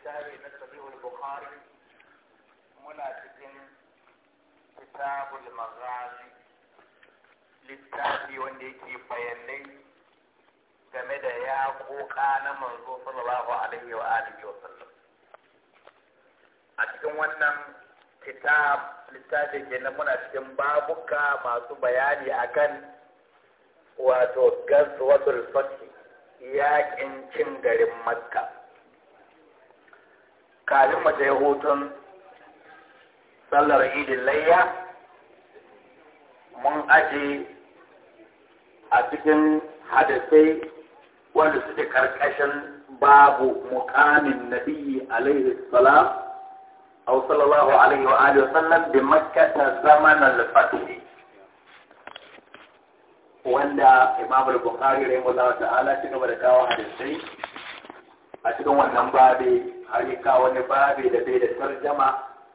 littafi na sahihul bukhari muna cikin kitabul maghazi littafi wanda yake bayanai game da ya koka na manzo sallallahu alaihi wa alihi wa sallam a cikin wannan kitab littafi kenan muna cikin babuka masu bayani akan wato gazwatul fathi yakin cin garin makka kafin mu je hutun sallar idin layya mun aje a cikin hadisai wanda suke karkashin babu mukamin nabi alaihi salam aw sallallahu alaihi wa alihi sallam bi ta zaman al fatihi wanda imam al-bukhari rahimahullah ta'ala cikin da kawo hadisai a cikin wannan babe har ya kawo wani babe da bai da tarjama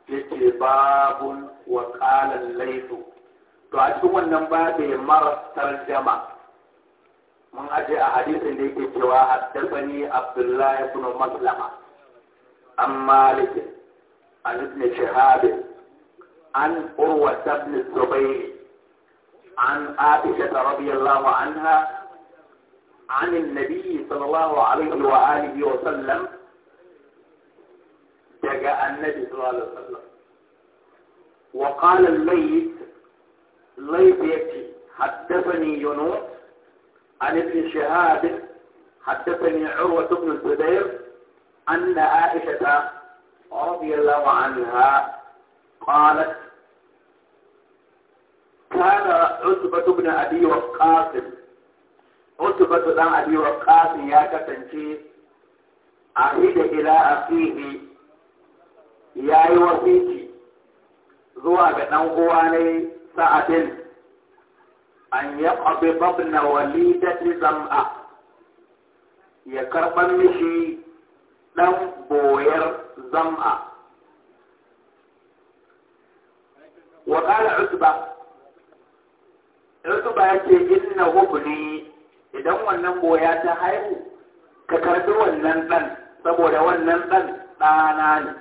yake babun wa qalan laifu. to a cikin wannan babe mara tarjama mun aje a hadisin da yake cewa haddathani abdullahi ibn maslama an malik an ibn shahab an urwa ibn zubayr an aisha radiyallahu anha عن النبي صلى الله عليه وآله وسلم جاء النبي صلى الله عليه وسلم وقال الليث الليث يكفي حدثني يونس عن ابن شهاب حدثني عروة بن الزبير أن عائشة رضي الله عنها قالت كان عتبة بن أبي وقاص utubatu ɗan abi waqqas ya kasance ahida ila ya yi wasiki zuwa ga dan uwa ne sa'adin an yaqbi babna walidati zam'a ya karban mishi dan boyar zam'a wa qala utba utba yake inna ibni idan wannan boya ta haihu ka karbi wannan ɗan saboda wannan ɗan ɗana ne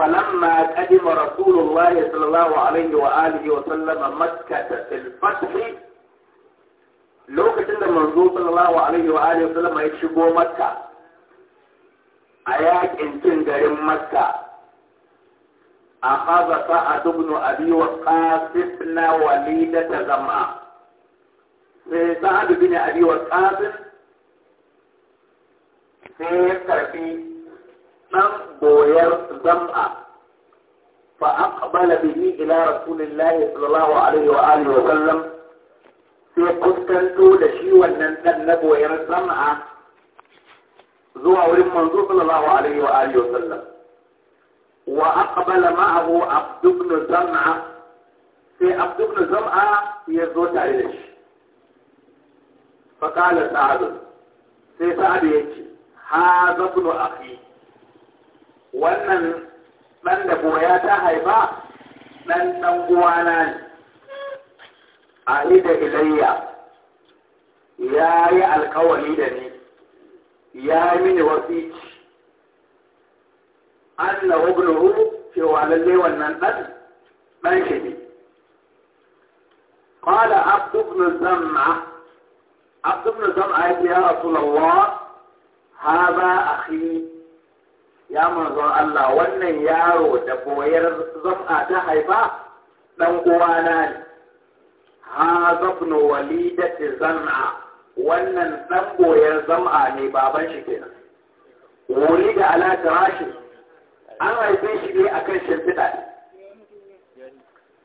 فلما قدم رسول الله صلى الله عليه وآله وسلم مكة في الفتح لو كتن manzo صلى الله عليه وآله وسلم يشبه مكة makka انتن yakin cin أخذ سعد بن أبي وقاص ابن وليدة زمعة سعد بن أبي وقاص sai karfi ɗan boyar zam'a fa aqbala bihi ila rasulillahi sallallahu alaihi wa alihi wa sallam sai kuskanto da shi wannan ɗan na boyar zam'a zuwa wurin manzo wa wa aqbala ma'ahu abd ibn zam'a sai abd ibn zam'a ya zo tare da shi fa qala sa'd sai sa'd ya ce hadha ibn akhi wannan dan da boya ta haifa dan dan uwana ne ahida ilayya ya yi alkawari da ni ya yi mini wasici anna ibnuhu cewa lalle wannan dan dan shi ne qala abd ibn zamma abd ibn zamma ya Ha za a akhi ya manzo Allah wannan yaro da koyar zafa ta haifa dan uwana ne ha zafnu walidat zam'a wannan dan koyar zam'a ne baban shi ke nan. Wuli da alaƙa rashin an haife shi ne akan shimfiɗa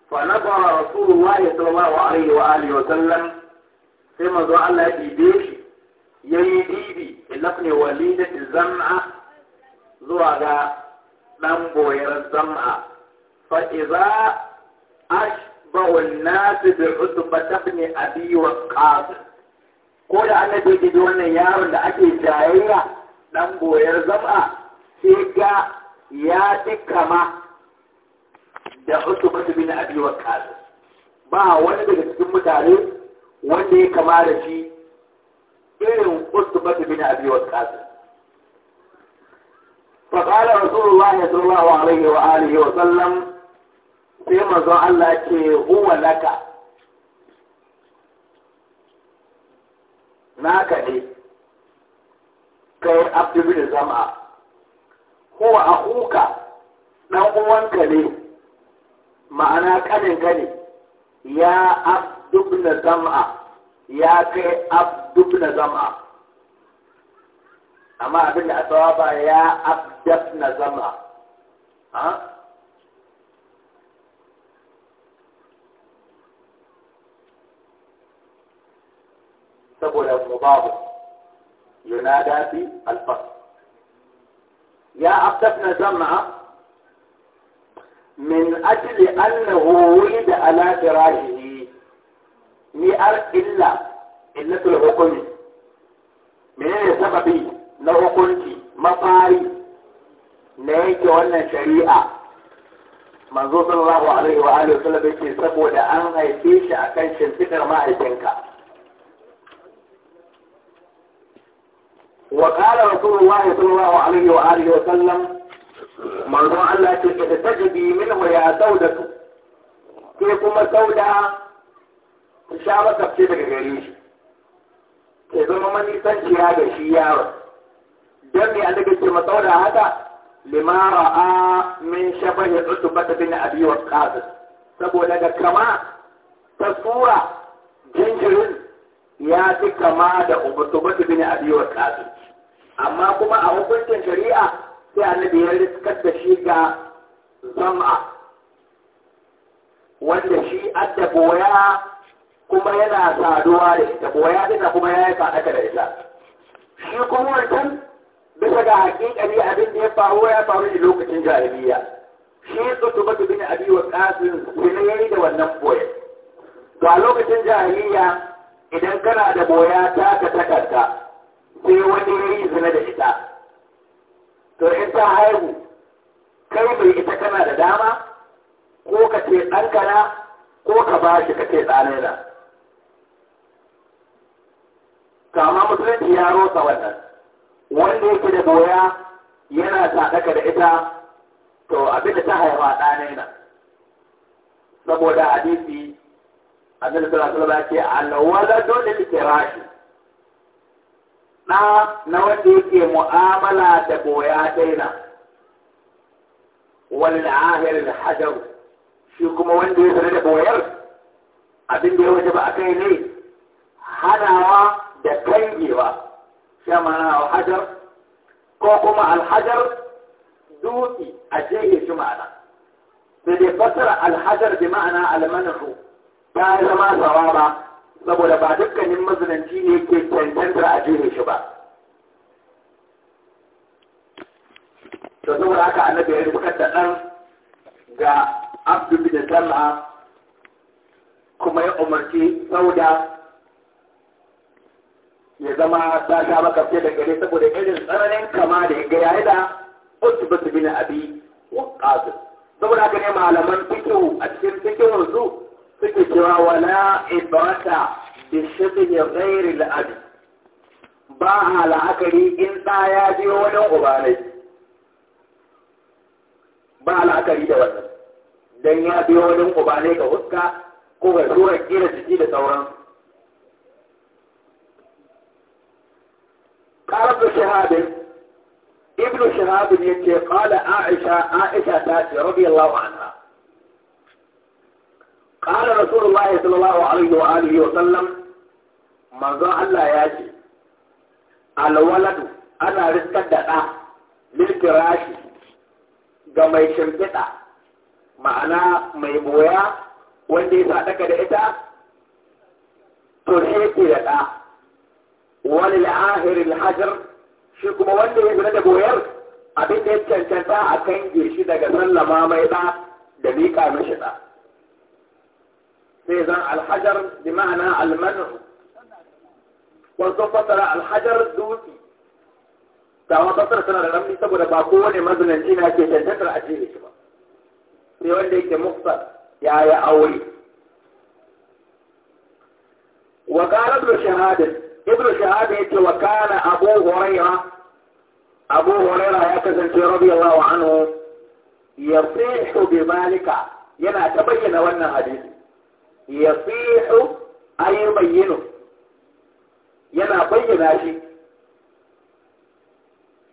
fa nazara rasulullahi ya alaihi wa alihi wa sallan sai manzo Allah ya ɗibe shi yayi dibi ilafni walidat zam'a zuwa ga ɗan boyar zam'a fa idza ashbahu an-nas bi a biyu abi waqqas ko da annabi ya wannan yaron da ake jayayya ɗan boyar zam'a sai ga ya ɗi kama da Usman bin Abi Waqqas ba wani daga cikin mutane wanda ya kama da shi irin Usman bin Abi Waqqas fa qala Rasulullah sallallahu alaihi wa alihi wa sallam sai manzon Allah ce huwa laka naka ne kai abdu bin zama a huka dan uwanka ne ma'ana kanin ne ya na zam'a ya kai na zam'a amma abin da asawa ba ya na zam'a ha saboda mubabu yana dafi alfas يا أقسمنا من أجل أنه ولد على فراشه مئر إلا إلا الحكم من أين سببي قلت مطاري نيك ولا شريعة منظور صلى الله عليه وآله وسلم يقول سبو أي شيء أكن شنفكر ما أتنكر وقال رسول الله صلى الله عليه وآله وسلم manzon Allah ce ka da tajibi minhu ya saudatu ke kuma sauda ta sha makafce daga gare shi ke zama manisanciya da shi yaro don me annabi ce ma sauda haka lima ra'a min shabahi utbata bin abi waqqas saboda da kama ta sura jinjirin ya fi kama da ubtubata bin amma kuma a hukuncin shari'a sai annabi ya riskar da shi ga zama wanda shi adda boya kuma yana saduwa da ita boya duka kuma ya yi sadaka da ita shi kuma wancan bisa ga hakikali abin da ya faru ya faru da lokacin jahiliya shi tsutubatu bin abi wa ya yi da wannan boya to a lokacin jahiliya idan kana da boya ta ka takarda sai wani yi zina da ita to in ta haihu kai bai ita kana da dama ko ka ce ɗankana ko ka ba shi ka ce ɗanena kama musulunci ya rosa wannan wanda yake da doya yana sadaka da ita to abinda ta haifa ɗanena saboda hadisi annabi sallallahu alaihi wasallam ya ce al-waladu lil rashi. na na wanda yake mu'amala da goya daina wal ahir hajaru. shi kuma wanda ya zama da goyar abin da ya waje ba a kai ne hanawa da kangewa shi ma'ana hajar ko kuma alhajar dutse a jeye shi ma'ana da dai fasara alhajar bi ma'ana almanahu ta zama sawa ba saboda ba dukkanin mazinanci ne ke cancanta a jini shi ba to saboda aka annabi ya rubukar da ɗan ga abdu bin sallah kuma ya umarci sauda ya zama ta sha fiye da gare saboda irin tsananin kama da ya ga yayi da utbatu bin abi waqqas saboda ka ne malaman fikihu a cikin fikihun su suke cewa wala ibrata bi shibhi ghairi al ba a la'akari in ɗa ya je wajen uba ba a da wannan dan ya biyo wajen uba ga huska ko ga surar kira jiki da sauran قال ابن شهاب ابن شهاب يقول قال عائشة عائشة رضي الله عنها قال رسول الله صلى الله عليه وآله وسلم manzon Allah ya ce alwaladu ana riskar da ɗa lilfirashi ga mai shimfiɗa ma'ana mai moya wanda ya sadaka da ita to ne da ɗa wani la'ahirin hajar shi kuma wanda ya zina da boyar abin da ya cancanta a kan shi daga sallama mai ɗa da miƙa mishi ɗa فإذا الحجر بمعنى المنع وصفة الحجر الدوسي تعوى تطر سنة لم يتبقى باقوني مزنا جينا كي تنتر أجيلي شبا في وين ديك يا يا أولي وقال ابن شهادة ابن شهادة وكان أبو هريرة أبو هريرة يكزن في رضي الله عنه يصيح بمالك ينا تبين وانا حديثي ya yasihu ay bayyinu yana bayyana shi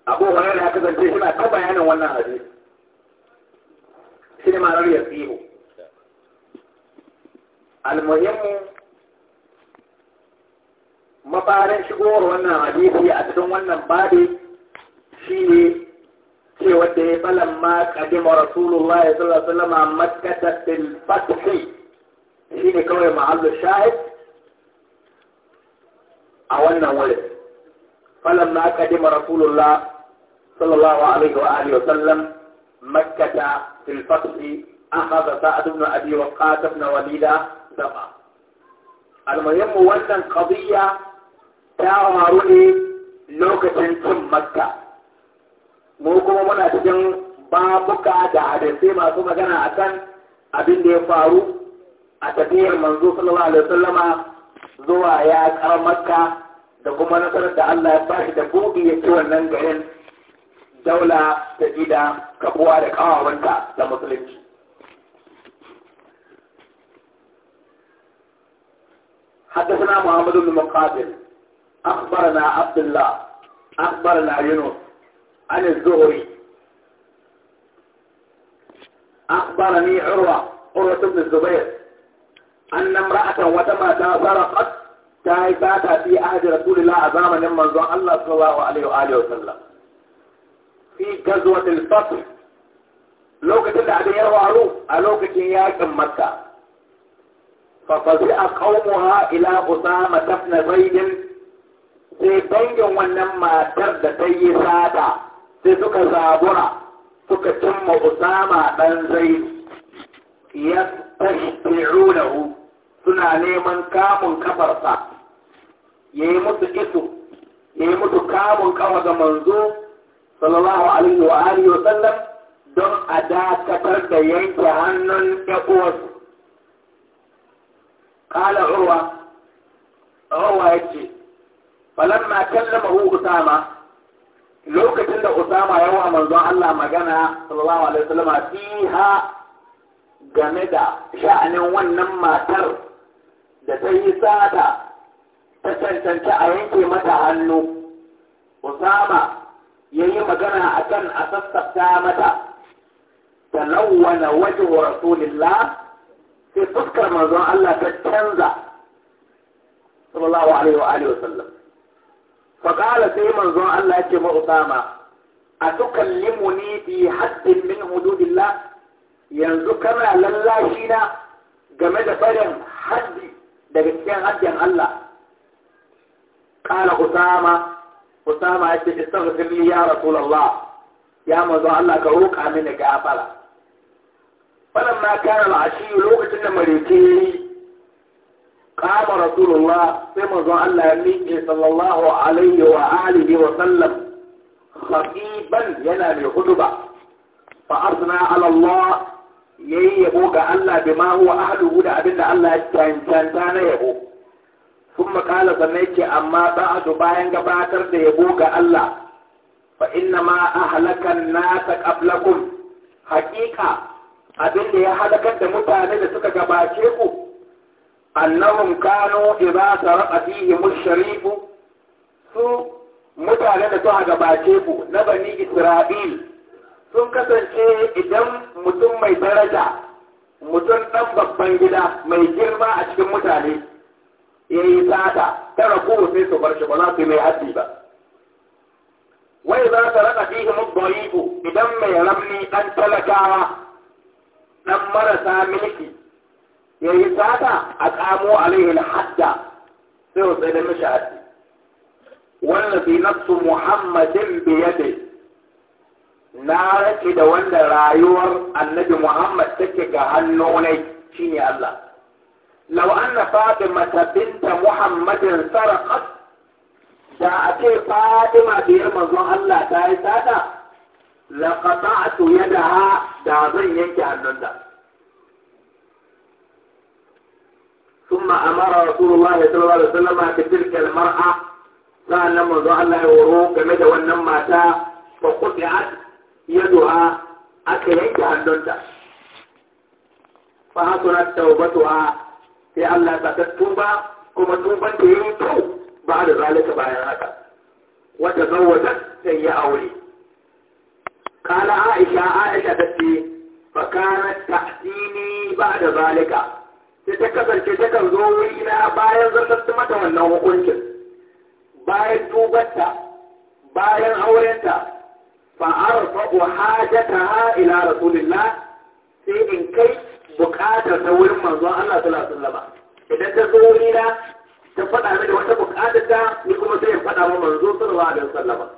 Abu Hurairah ya kasance shi na ta bayanin wannan hadisi shi ne ma'anar yasihu al-muhimmu mafarin shigowar wannan hadisi a cikin wannan babi shi ne cewa da ya falan ma kadima rasulullahi sallallahu alaihi wasallam makkata bil fathi shi ne kawai mahallu shahid a wannan wurin falon na kadima rasulullah sallallahu alaihi wa alihi wa sallam مكة في الفتح أخذ سعد بن أبي وقاص بن وليد dafa. المهم wannan قضية ta faru ne lokacin cin makka mu kuma muna cikin babuka da hadisai masu magana akan abin da ya faru a tafiyar manzo sallallahu alaihi wasallama zuwa ya karar makka da kuma nasarar da Allah ya bashi da buɗi ya ci wannan garin daula ta gida kafuwa da kawawanta da musulunci حدثنا محمد بن مقاتل أخبرنا عبد الله أخبرنا يونس عن الزهري أخبرني عروة عروة بن الزبير an nan ra'atan wata mata Sarafat, ta yi sata fi ahadi rasulillah a zamanin manzon Allah sallallahu alaihi wa alihi wasallam fi gazwatil fatr lokacin da abin ya faru a lokacin yakin makka ففزع قومها إلى أسامة بن زيد sai dangin wannan matar da ta yi sata sai suka zabura suka cimma Usama ɗan zai ya tashbi'unahu suna neman kamun kafarsa ya yi musu iso ya yi musu kamun kafa ga manzo sallallahu alaihi wa alihi wa sallam don a dakatar da yanke hannun ƴan'uwarsu kala urwa urwa ya ce falamma kallamahu usama lokacin da usama ya wa manzo Allah magana sallallahu alaihi wa sallama fiha game da sha'anin wannan matar da ta yi sata ta cancanci a yanke mata hannu usama ya yi magana a kan a sassafta mata ta lawwana wajen wa rasulillah sai fuskar manzon Allah ta canza sallallahu alaihi wa alihi wasallam fa qala sai manzon Allah ya ce ma usama A atukallimuni bi haddin min hududillah yanzu kana lallashi na game da barin haddi دغتين اجن الله قال قسامة لي يا رسول الله يا مزو الله كروك عمينك أفلا فلما كان العشي قام رسول الله صلى الله عليه وسلم خطيبا ينام الخطبة فأرسنا على الله يهيبوك الله بما هو أهل هدى أبدا cancanta na yabo sun makala sannan ce amma ba'adu bayan gabatar da yabo ga Allah fa inna ma a ahlakan nasa qablakum haqiqa abin da ya halakar da mutane da suka gabace ku annahum Kano, idza saraqa fihim sharifu su mutane da suka gabace ku na bani isra'il sun kasance idan mutum mai daraja mutum ɗan babban gida mai girma a cikin mutane ya yi sata tara ko sai su bar shi ba za su yi mai hatsi ba wai za ta raka fihi ku idan mai ramni ɗan talakawa ɗan marasa miliki ya yi sata a kamo alaihi hadda sai wasu tsaye da mishi haddi wannan fi nafsu muhammadin biyade na rake da wanda rayuwar annabi Muhammad take ga hannu ne shine Allah law anna fatima ta binta muhammadin sarqat da ake fatima da yar manzo Allah ta yi sada la qata'tu yadaha da zan yanke hannun da thumma amara rasulullah sallallahu alaihi wasallam ta tilka al-mar'a sa'an manzo Allah ya horo game da wannan mata fa qati'at yaduha aka yanke hannunta fa hasurat tawbatuha sai Allah ya ta tuba kuma tuban ta yi kyau ba da zalika bayan haka wata zawwata sai ya aure kala Aisha Aisha ta ce fa kana ta'dini ba da zalika sai ta kasance ta kan zo wuri na bayan zartar mata wannan hukuncin bayan tubarta bayan aurenta fa'arfa hajataha ila rasulillah sai in kai bukatar ta wurin manzo Allah sallallahu alaihi idan ta zo wuri na ta faɗa mini wata bukatar ta ni kuma sai in faɗa ma manzo sallallahu alaihi wasallam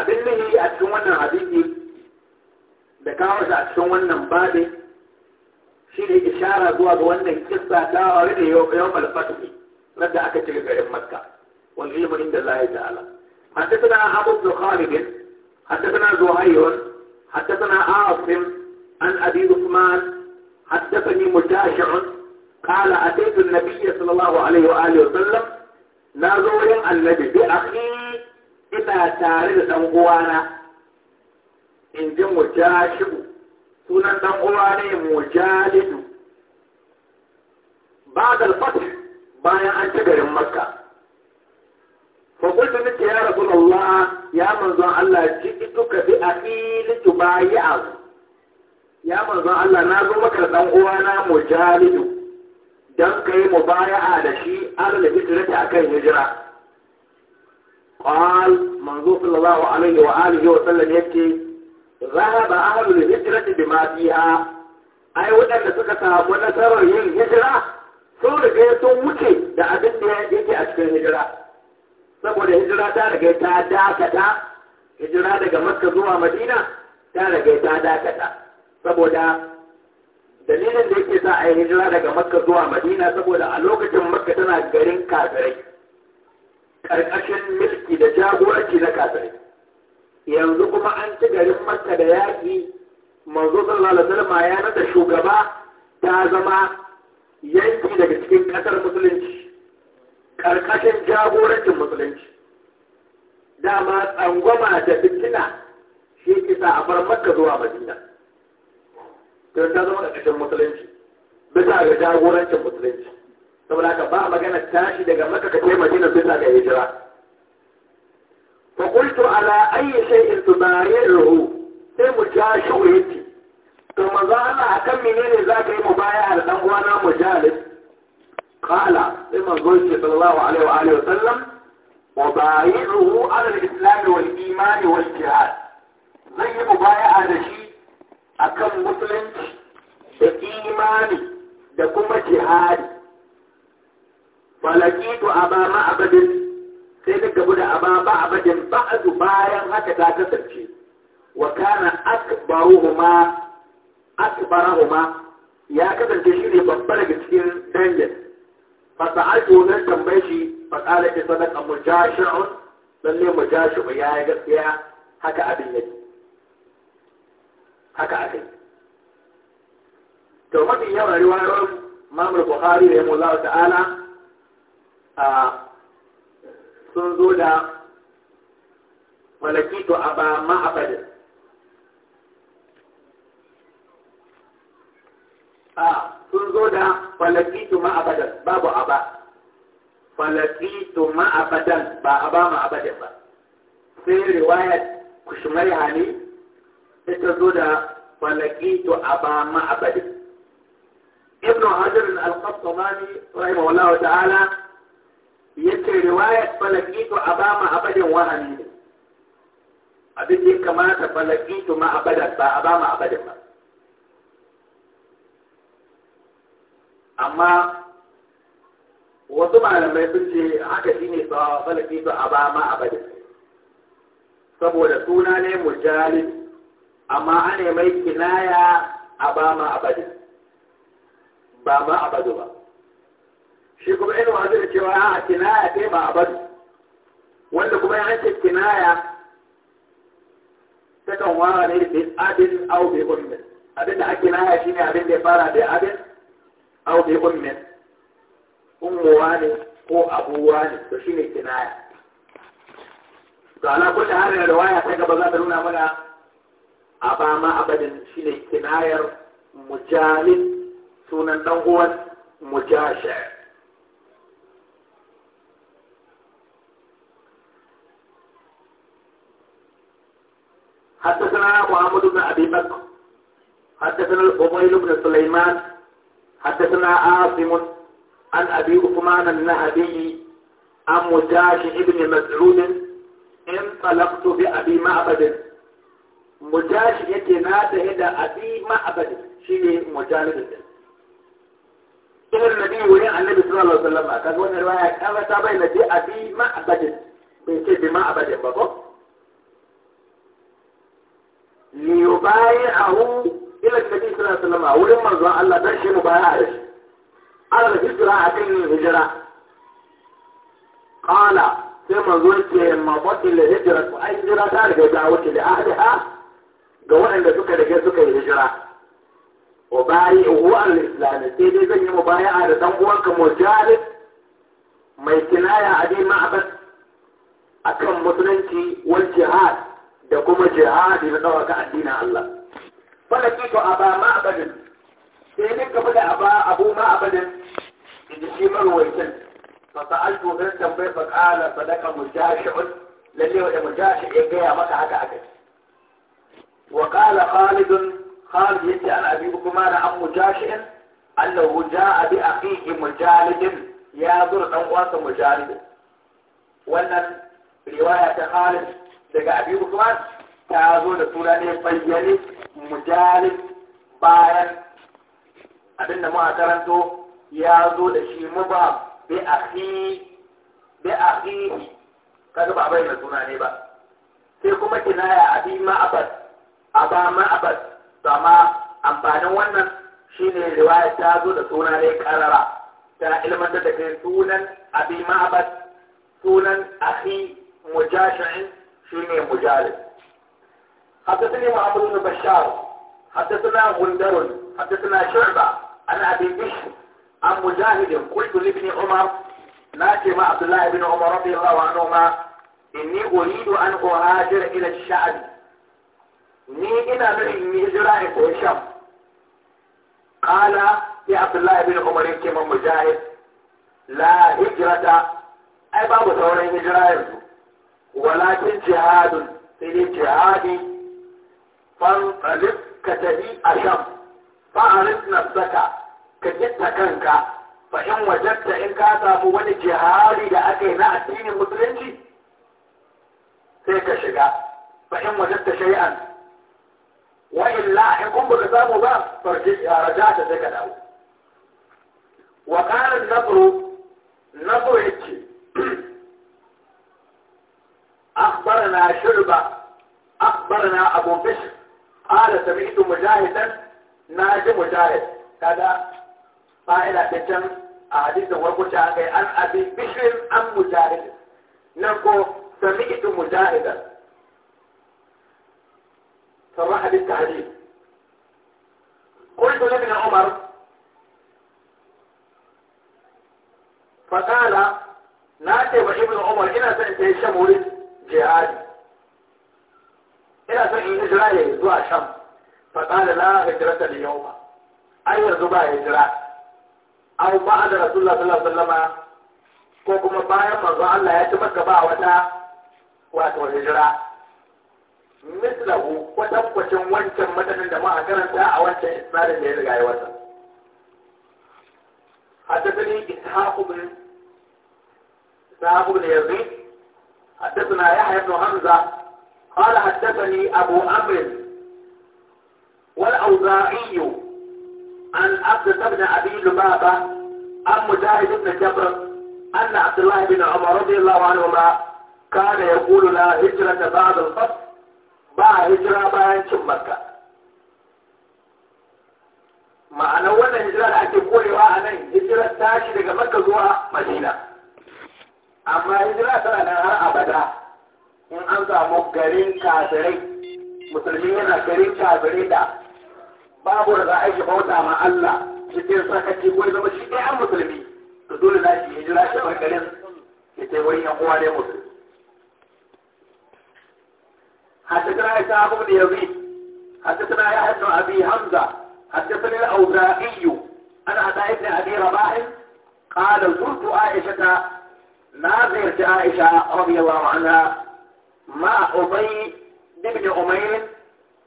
abin ne a cikin wannan hadisi da kawo a cikin wannan babin shi ne ishara zuwa ga wannan kissa ta wari da yau malfatu ne aka cire garin makka Wani ilmu inda za Allah ta'ala حدثنا أبو بن خالد حدثنا زهير حدثنا عاصم عن أبي عثمان حدثني مجاشع قال أتيت النبي صلى الله عليه وآله وسلم نازور النبي بأخي إذا تارد تنقوانا إن جم مجاشع سنة أنقوانا مجالد بعد الفتح بايا أنت مكة فقلت لك يا رسول الله يا منظر الله جئتك بأخيل تبايعه يا منظر الله نازو مكر دان uwana مجالد dan kai mubaya'a da shi an da hijirata akan hijira qal manzo sallallahu alaihi wa alihi wa sallam yake zahaba ahlu al-hijrati bima fiha ai wadanda suka samu nasarar yin hijira sun riga sun wuce da abinda da yake a cikin hijira saboda hijira ta rage ta dakata hijira daga makka zuwa madina ta rage ta dakata saboda dalilin da yake sa a yi hijira daga makka zuwa madina saboda a lokacin makka tana garin kafirai ƙarƙashin milki da jagoranci na kafirai yanzu kuma an ci garin makka da yaƙi manzo sallallahu alaihi wasallam ya nada shugaba ta zama yanki daga cikin ƙasar musulunci ƙarƙashin jagorancin musulunci dama tsangwama da fitina shi kisa a bar makka zuwa madina to ta zama ƙarƙashin musulunci bisa ga jagorancin musulunci saboda haka ba magana tashi daga makka ka kai madina bisa ga hijira فقلت على أي شيء تبايعه sai mu ja shi to manzo Allah akan menene za ka yi mu baya a dan uwana mujahid قال لما قلت صلى الله عليه وآله وسلم وبايعه على الإسلام والإيمان والجهاد زي مبايع هذا شيء أكم مسلم kuma دكما جهادي فلقيت أبا معبد sai daga gudu a ba ba abadin ba'adu bayan haka ta kasance wa kana akbaruhuma ya kasance shi ne babba daga cikin dangin fasa'atu nan tambaye shi faƙala ta sadaka mujashi'un lalle mujashi'u ya yi gaskiya haka abin yake haka akai to mafi yawan riwayoyin mamur buhari da yamma ta'ala a sun zo da malakito a ba ma'abadin a sun zo da falakitu ma abadan babu aba falakitu ma abadan ba aba ma abadan ba sai riwayat kushmai hali. ita zo da falakitu aba ma abadan ibn hajar al-qasmani rahimahullahu ta'ala yace riwayat falakitu aba ma abadan wahani ne abin da ya kamata falakitu ma abadan ba aba ma abadan ba amma wasu malamai sun ce haka shi ne salafi su a ba ma abadin saboda suna ne mujalid amma ana mai kinaya a ba ma abadin ba ma abadu ba shi kuma yin wasu da cewa a kinaya ce ba abadu wanda kuma ya ce kinaya ta kan wara ne da abin au bi ummin abin da ake naya shi ne abin da ya fara da abin au bi ummin ummuwa ne ko abuwa ne to shine kinaya to ala kulli da waya sai gaba za ta nuna mana abama abadin ne kinayar mujalid sunan dan uwan mujashi حدثنا محمد بن ابي بكر حدثنا الاميل بن سليمان حدثنا عاصم عن أبي عثمان النهدي عن مجاهد بن مسعود انطلقت بأبي معبد مجاهد yake na tafi da abi ma'abadi shi ne mujahidin din ilin nabi wurin annabi sallallahu alaihi wasallam kaga wannan riwaya kaga ta bayyana bi abi ma'abadin bai ce bi ma'abadin ba ko liyubayi'ahu ila tabi sallallahu alaihi wasallam wurin manzon Allah dan shi mubaya'a da shi ala hijira akan yin hijira qala sai manzo yake mabadil hijira ko ai hijira ta riga ta wuce da ahliha ga waɗanda suka riga suka yi hijira wa bayi huwa al-islam sai dai zan yi mubaya'a da dan uwanka mujahid mai kinaya a dai ma'abad akan musulunci wal jihad da kuma jihadi na dawaka addinin Allah فلقيت أبا معبد سيدك بدأ أبا أبو معبد إذا في مرويتن فسألت من تنبيه فقال صدق مجاشع للي وده مجاشع يجي مكة حتى أكد وقال خالد خالد يتي عن أبي بكمان عن مجاشع أنه جاء بأخيه مجالد يازر أنواس مجالد وأن رواية خالد لك أبي بكمان ta zo da suna ne bayyane mujalib bayan abin da muka karanto ya zo da shi muba bi akhi bi akhihi kaga ba bai da suna ne ba sai kuma kinaya abi ma abad aba ma abad to amma amfanin wannan shine riwaya ta zo da suna ne karara ta ilmantar da kai sunan abi ma abad sunan akhi mujashin shine mujalib حدثني معمر بن بشار حدثنا غندر حدثنا شعبة عن أبي بشر عن مجاهد قلت لابن عمر ناجي مع عبد الله بن عمر رضي الله عنهما إني أريد أن أهاجر إلى الشعب ني إنا من هجرة الشام قال يا عبد الله بن عمر كما مجاهد لا هجرة أي باب ثورة هجرة ولكن جهاد في الجهاد fanfalif ka tafi a sham fa'arif nafsaka ka kitta kanka fa in wajatta in ka samu wani jihari da aka yi na addinin musulunci sai ka shiga fa in wajatta shay'an wa illa in kun baka samu ba farji raja ta sai dawo wa qala an-nadru nadru yace akhbarana shurba akhbarana abu قال سمعت مجاهدا ناج مجاهد كذا فائلة تجمع أحاديث ورقو شاكي أن أبي بشر أم مجاهد نقول سمعت مجاهدا صرح بالتعليم قلت لابن عمر فقال ناتي وابن عمر إن سنتهي شمول جهادي ina son in hijira ya yi zuwa sham fa qala la hijrata al yawma ai yanzu ba hijira ai ba da rasulullah sallallahu alaihi wasallama ko kuma bayan manzo Allah ya ci maka ba wata wato hijira mislahu kwacin wancan matanin da muka karanta a wancan isnadin da ya riga ya wata حدثني إسحاق بن إسحاق بن يزيد حدثنا يحيى بن حمزة قال حدثني أبو عمرو والأوزاعي عن عبد بن أبي لبابة عن مجاهد بن جبر أن عبد الله بن عمر رضي الله عنهما كان يقول لا هجرة بعد الفتح ba hijira bayan cin makka ma'anar wannan hijira da ake korewa a nan hijira tashi daga makka zuwa madina amma hijira tana nan har abada in an samu garin kafirai musulmi yana garin kafirai da babu da za a yi bauta ma Allah cikin sakaci ko zama shi ɗaya musulmi to dole na shi hijira shi bar garin ya ce wani yan uwa ne musulmi حدثنا إسحاق بن يزيد حدثنا يحيى بن أبي حمزة حدثني الأوزاعي أنا عطاء بن أبي رباح قال زرت عائشة نازلت عائشة رضي الله عنها ma ubay ibn umayr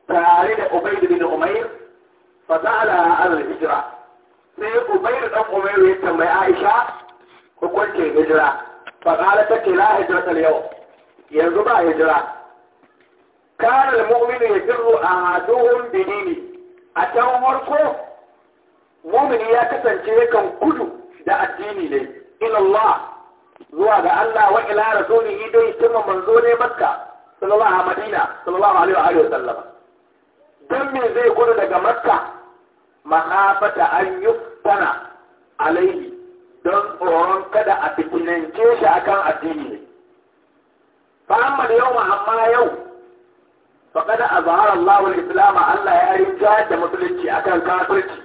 tare da ubay ibn umayr fa sa'ala an al-hijra sai ubay dan umayr ya tambayi aisha hukuncin hijira fa qala ta la hijrata al-yawm yanzu ba hijira kana al-mu'minu yajru ahaduhum bi dini a can farko mu'mini ya kasance yakan kudu da addini ne ila zuwa ga Allah wa ila rasulihi dai kuma manzo ne makka sallallahu madina sallallahu alaihi wa alihi wasallam dan me zai gudu daga makka mahafata an yuftana alaihi don tsoron kada a fitinance shi akan addini ne fa amma da yau amma yau faqad azhara Allahu al-islam Allah ya rinja da musulunci akan kafirci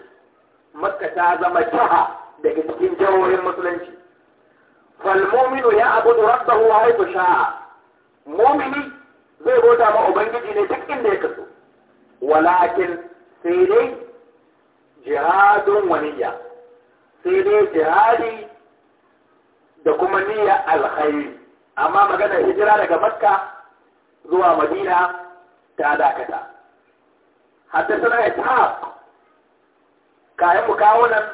makka ta zama jaha daga cikin jahohin musulunci falmominu ya abudu rabbahu wa haifu sha'a mumini zai bauta ma ubangiji ne duk inda ya kaso walakin sai dai jihadun waniya sai dai jihadi da kuma niyya alkhairi amma maganar hijira daga makka zuwa madina ta dakata حدثنا إسحاق كائن مكاونا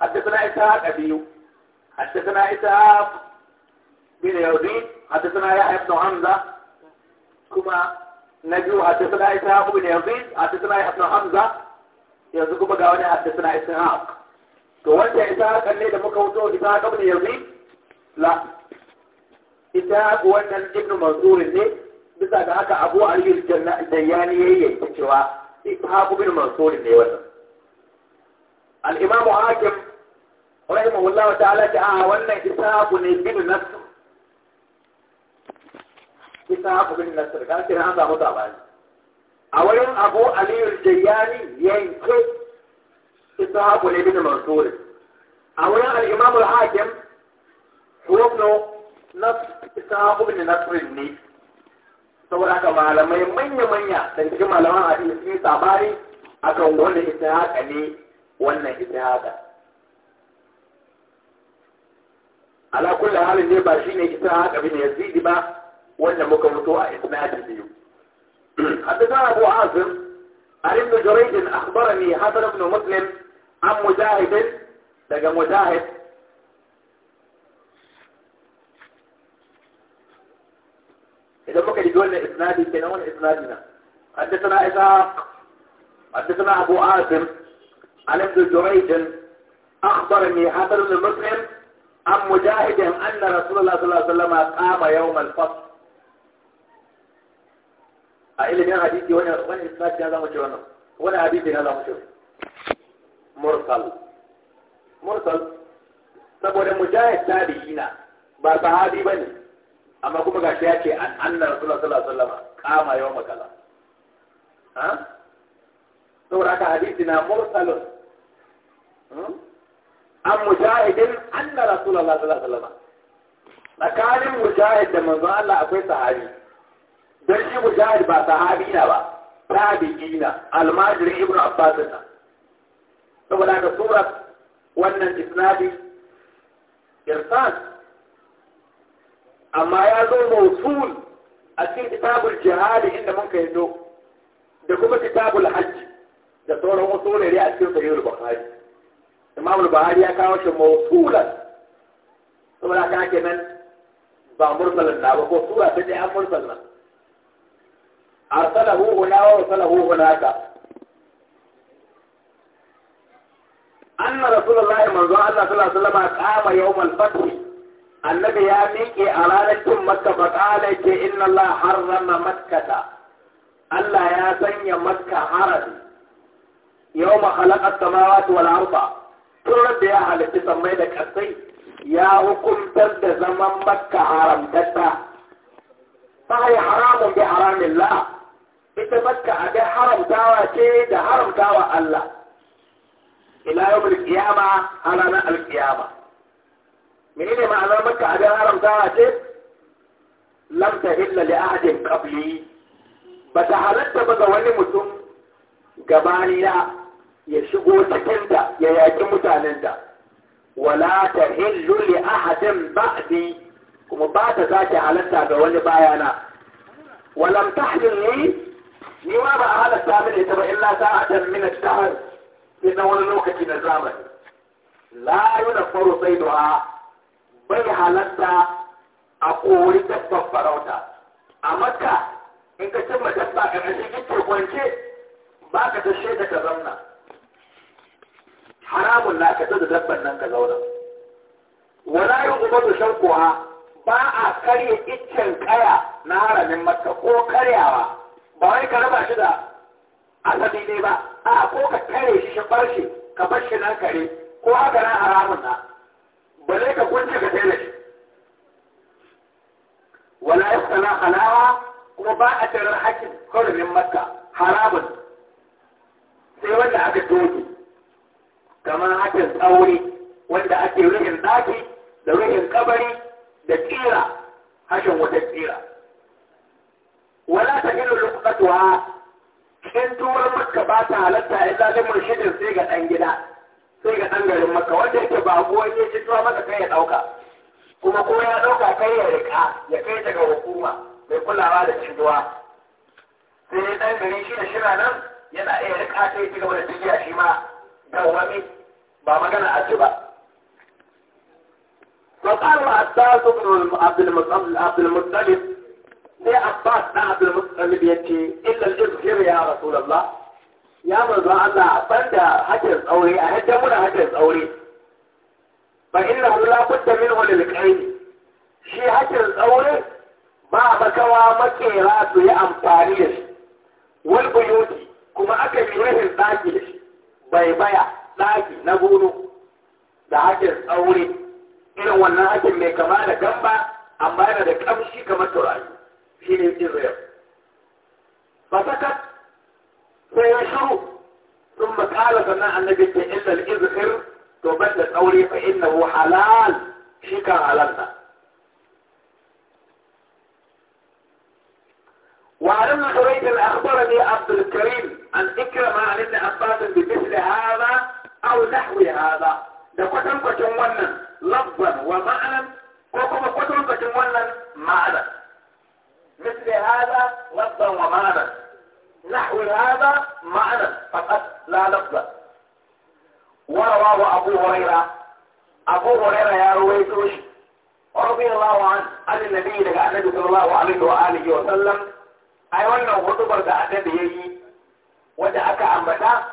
حدثنا إسحاق أبيو حدثنا إسحاق بن يزيد حدثنا يحيى بن حمزة كما نجو حدثنا إسحاق بن يزيد حدثنا يحيى بن حمزة yanzu kuma ga wani haddasa ishaq to wanda ishaq ne da muka wuto ishaq ibn yazid la ishaq wannan ibn mansur ne bisa ga haka abu ali al-dayani yayi cewa ishaq ibn mansur ne wannan al-imam hakim rahimahullahu ta'ala ta a ah, wannan isaku ne bin nasr samu a wurin abu aliyu jayyani yanke isaku ne bin mansur a wurin al hakim huwa bin ne saboda haka malamai manya-manya da cikin malaman hadisi sabari akan wannan haka ne wannan haka ala kullu halin ne ba shine isa haka bin yazidi ba wanda muka mutu a isnadin biyu حدثنا أبو عاصم عن ابن جريج أخبرني حسن بن مسلم عن مجاهد لقى مجاهد إذا ما كان يقول إسنادي كنا وين إسنادنا حدثنا إسحاق حدثنا أبو عاصم عن ابن جريج أخبرني حسن بن مسلم an mujahidin anna rasulullah sallallahu alaihi wasallam qama yawmal fath a ilimin hadisi wani wani sashi ya zamu ce wani hadisi ya zamu ce mursal mursal saboda mujahid na ba sahabi ne amma kuma gashi ya ce an anna rasulullah sallallahu alaihi wasallam qama yawmal kaza ha saboda haka hadisi na mursalun hmm? an mujahidin anna rasulullah sallallahu alaihi wasallam tsakanin mujahid da manzo Allah akwai sahabi dan shi mujahid ba sahabi na ba tabi'i na almajiri ibnu abbas na saboda ga sura wannan isnadi irsan amma ya zo mausul a cikin kitabul jihad inda mun kai zo da kuma kitabul hajj da sauran usulai ne a cikin sahihul bukhari imam buhari ya kawo shi mawsulan saboda haka ake nan ba mursalin da ba ko sura ta dai an mursal nan arsalahu huna wa arsalahu hunaka anna rasulullahi manzo Allah sallallahu alaihi wasallam qama yawmal fath annabi ya miƙe a ranar cin makka fa qala ke inna Allah harrama makkata Allah ya sanya makka harami yawma khalaqa as-samawati wal arda Tun da ya halitta sammai da kasai ya hukuntar da zaman makka haramtatta ta yi haramun bi haramin la ita makka abin haramtawa ce da haramtawa Allah ila yau alkiyama na al kiyama menene ma'anar makka abin haramtawa ce lam ta illa li ahadin qabli ba ta halatta ba ga wani mutum gabani na ya shigo cikinta ya yaki mutanenta wala ta hillu li ahadin ba'di kuma ba ta zaki halatta ga wani bayana walam tahlil ni ni ma ba a halatta mini ita ba illa sa'atan min ash-shahr ina wani lokaci na zamani la yunfaru sayduha bai halatta a kori dabbar farauta a makka in ka cimma dabba ka kashe kike kwance ba ka tashe da ka zamna haramun na ka da dabban nan ka zauna wala yi kuma da shan kuwa ba a karya iccen kaya na haramin matka ko karyawa ba wai ka raba shi da asali ne ba a ko ka kare shi shi bar shi ka bar shi nan kare ko haka nan haramun na ba zai ka kunce ka daina shi wala yi kuma halawa kuma ba a tarar hakin haramin matka, haramun sai wanda aka doge kamar hakin tsauri wanda ake ruhin daki da ruhin kabari da tsira hashen wata tsira wala ta ilu lukatuwa in tuwar makka ba ta halatta ya zalim murshidin sai ga ɗan gida sai ga ɗan garin makka wanda yake ba kuwa ya ci tuwa maka kai ya ɗauka kuma ko ya ɗauka kai ya riƙa ya kai daga hukuma mai kulawa da cijuwa sai dai ɗan gari shi da shira nan yana iya riƙa kai ci gaba da tafiya shi ma wani ba magana a ce ba. Fasar ma'asta su ne Abdulmuttalib, ne Abbas na Abdulmuttalib ya ce, illa jirgin ya Rasulallah, ya mazu Allah banda hajjar tsaure a hajjar muna hajjar tsauri. Ba inna hula kudda min wani likai, shi hajjar tsauri ba a bakawa makera su yi amfani da shi, wani kuma aka yi rahin tsaki bai baya. ɗaki na gono da hakin tsaure irin wannan hakin mai kama da gamba amma yana da kamshi kamar turare shi ne israel fasakat sai ya shiru sun makala sannan annabi ce illa al-izhir to banda tsaure fa innahu halal shi kan halal na وعن ابن حريث أخبرني عبد الكريم أن إكرم عن ابن عباس بمثل هذا أو نحو هذا da kwatankwacin wannan labban wa ma'anan ko kuma kwatankwacin wannan مثل هذا لفظا ومعنى نحو هذا معنى فقط لا لفظا ورواه أبو هريرة أبو هريرة يا رويتوش رضي الله عنه عن النبي لك النبي صلى الله عليه وآله وسلم أي wannan hudubar da annabi yayi wanda aka ambata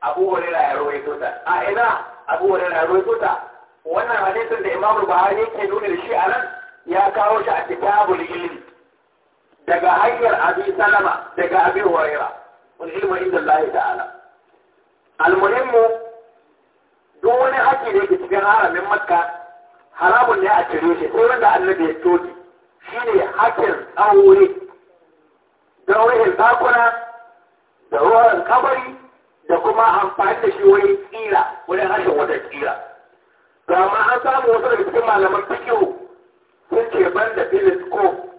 abu hurairah ya rawaito ta a ina abu hurairah ya rawaito ta wannan hadisin da imamu buhari yake nuna da shi a nan ya kawo shi a kitabul ilmi daga hanyar abi salama daga abi hurairah wal ilmu inda Allah ta'ala almuhimmu duk wani haƙƙi da yake cikin haramin makka haramun ne a cire shi sai wanda annabi ya shi ne haƙƙin aure da wurin zakuna da ruwan kabari da kuma amfani da shi wani tsira wani rashin wata tsira Ga ma an samu wasu daga cikin malaman fikiru sun ce ban da ko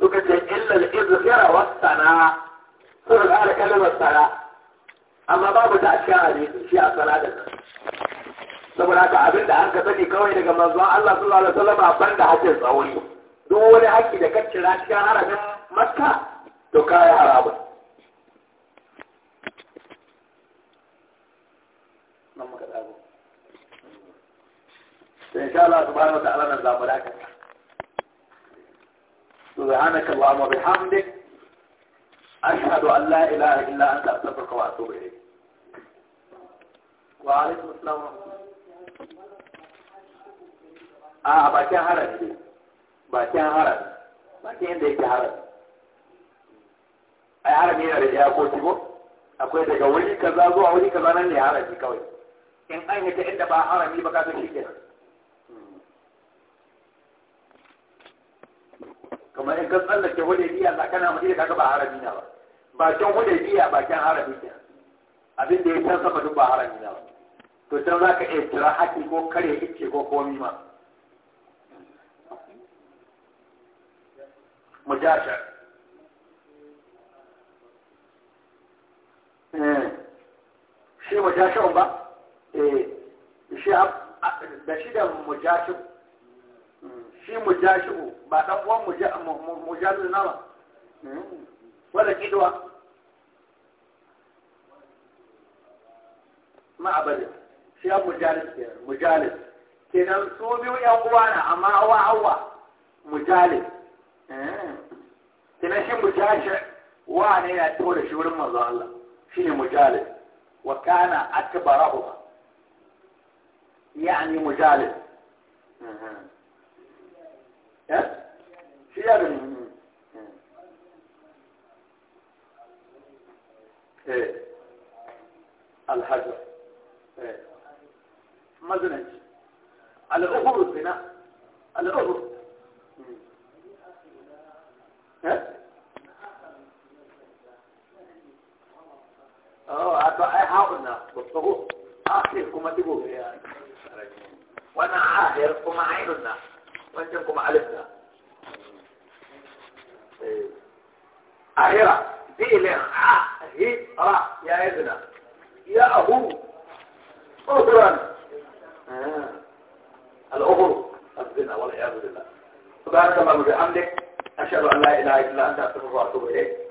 suka ce illal izfira wa sana da ƙara kalmar sana amma babu ta a cikin hadisi shi a sana da saboda ka abin da aka sani kawai daga manzon Allah sallallahu alaihi wasallam ban da hakkin tsauri duk wani haƙƙi da kacce cira cikin harafin makka to kai haramun إن شاء الله سبحانه وتعالى نزل ملاكا سبحانك اللهم وبحمدك أشهد أن لا إله إلا أنت أستغفرك وأتوب إليك وعليكم السلام ورحمة الله آه باكين هرب باكين هرب باكين da yake harabi ai harabi yana da iyakoki ko akwai daga wuri kaza zuwa wuri kaza nan ne harabi kawai in an yi ta inda ba harabi ba ka san shi kenan kamar in kan tsallake hudaybiya za kana madina kaga ba harami na ba ba bakin hudaybiya bakin harami ne abin da ya can sama duk ba harami na ba to can za ka iya kira haki ko kare ice ko komi ma mujashar shi eh. mujashar ba eh shi da shi da mujashar shi ko ba dan uwan ja na nawa? wala kidwa ma'abadin shi ya mujalis ke mujalis kenan so biyu yan uwa na amma awa awa mujalis kenan shi mujashi wa ne ya to da shi wurin manzo Allah ne mujalis wa kana akbarahu yani mujalis ثياب المؤمنين إيه. ايه الحجر ايه مزنج الأخر البناء الأخر ايه اه عطاء حاولنا بالطبوع آخر كما تقول يعني وانا عاهر كما الناس wancan kuma na ahira fi'lin ha hi ra ya izna ya ahu ukhran al-ukhru الزنا والعياذ بالله سبحانك اللهم وبحمدك اشهد ان لا اله الا انت استغفرك واتوب اليك